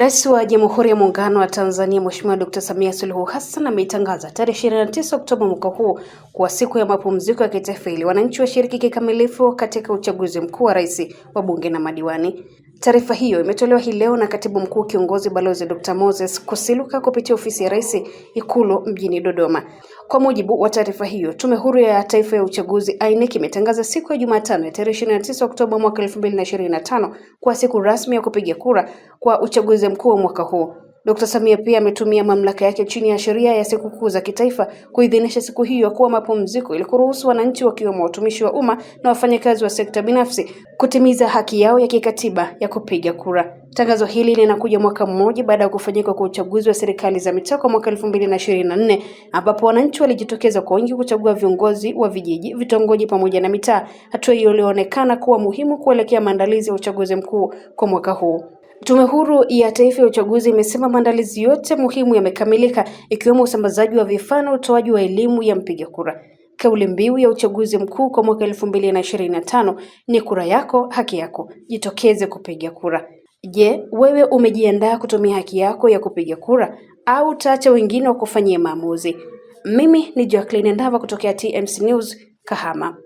Rais wa Jamhuri ya Muungano wa Tanzania Mheshimiwa Dr. Samia Suluhu Hassan ameitangaza tarehe 29 Oktoba mwaka huu kuwa siku ya mapumziko ya kitaifa ili wananchi washiriki kikamilifu katika uchaguzi mkuu wa rais, wa bunge na madiwani. Taarifa hiyo imetolewa hii leo na Katibu Mkuu Kiongozi Balozi Dr. Moses Kusiluka kupitia ofisi ya Rais Ikulu mjini Dodoma. Kwa mujibu wa taarifa hiyo, Tume Huru ya Taifa ya Uchaguzi INEC imetangaza siku ya Jumatano ya tarehe 29 Oktoba mwaka 2025 kwa siku rasmi ya kupiga kura kwa uchaguzi mkuu wa mwaka huu. Dr. Samia pia ametumia mamlaka yake chini ya sheria ya sikukuu za kitaifa kuidhinisha siku hiyo kuwa mapumziko ili kuruhusu wananchi wakiwemo watumishi wa umma na wafanyakazi wa sekta binafsi kutimiza haki yao ya kikatiba ya kupiga kura. Tangazo hili linakuja mwaka mmoja baada ya kufanyika kwa uchaguzi wa serikali za mitaa kwa mwaka elfu mbili na ishirini na nne ambapo wananchi walijitokeza kwa wingi kuchagua viongozi wa vijiji, vitongoji pamoja na mitaa, hatua hiyo ilionekana kuwa muhimu kuelekea maandalizi ya uchaguzi mkuu kwa mwaka huu. Tume Huru ya Taifa ya Uchaguzi imesema maandalizi yote muhimu yamekamilika ikiwemo usambazaji wa vifaa na utoaji wa elimu ya mpiga kura. Kauli mbiu ya uchaguzi mkuu kwa mwaka elfu mbili na ishirini na tano ni kura yako haki yako, jitokeze kupiga kura. Je, wewe umejiandaa kutumia haki yako ya kupiga kura au utaacha wengine wa kufanyia maamuzi? Mimi ni Jacqueline Ndava kutokea TMC News Kahama.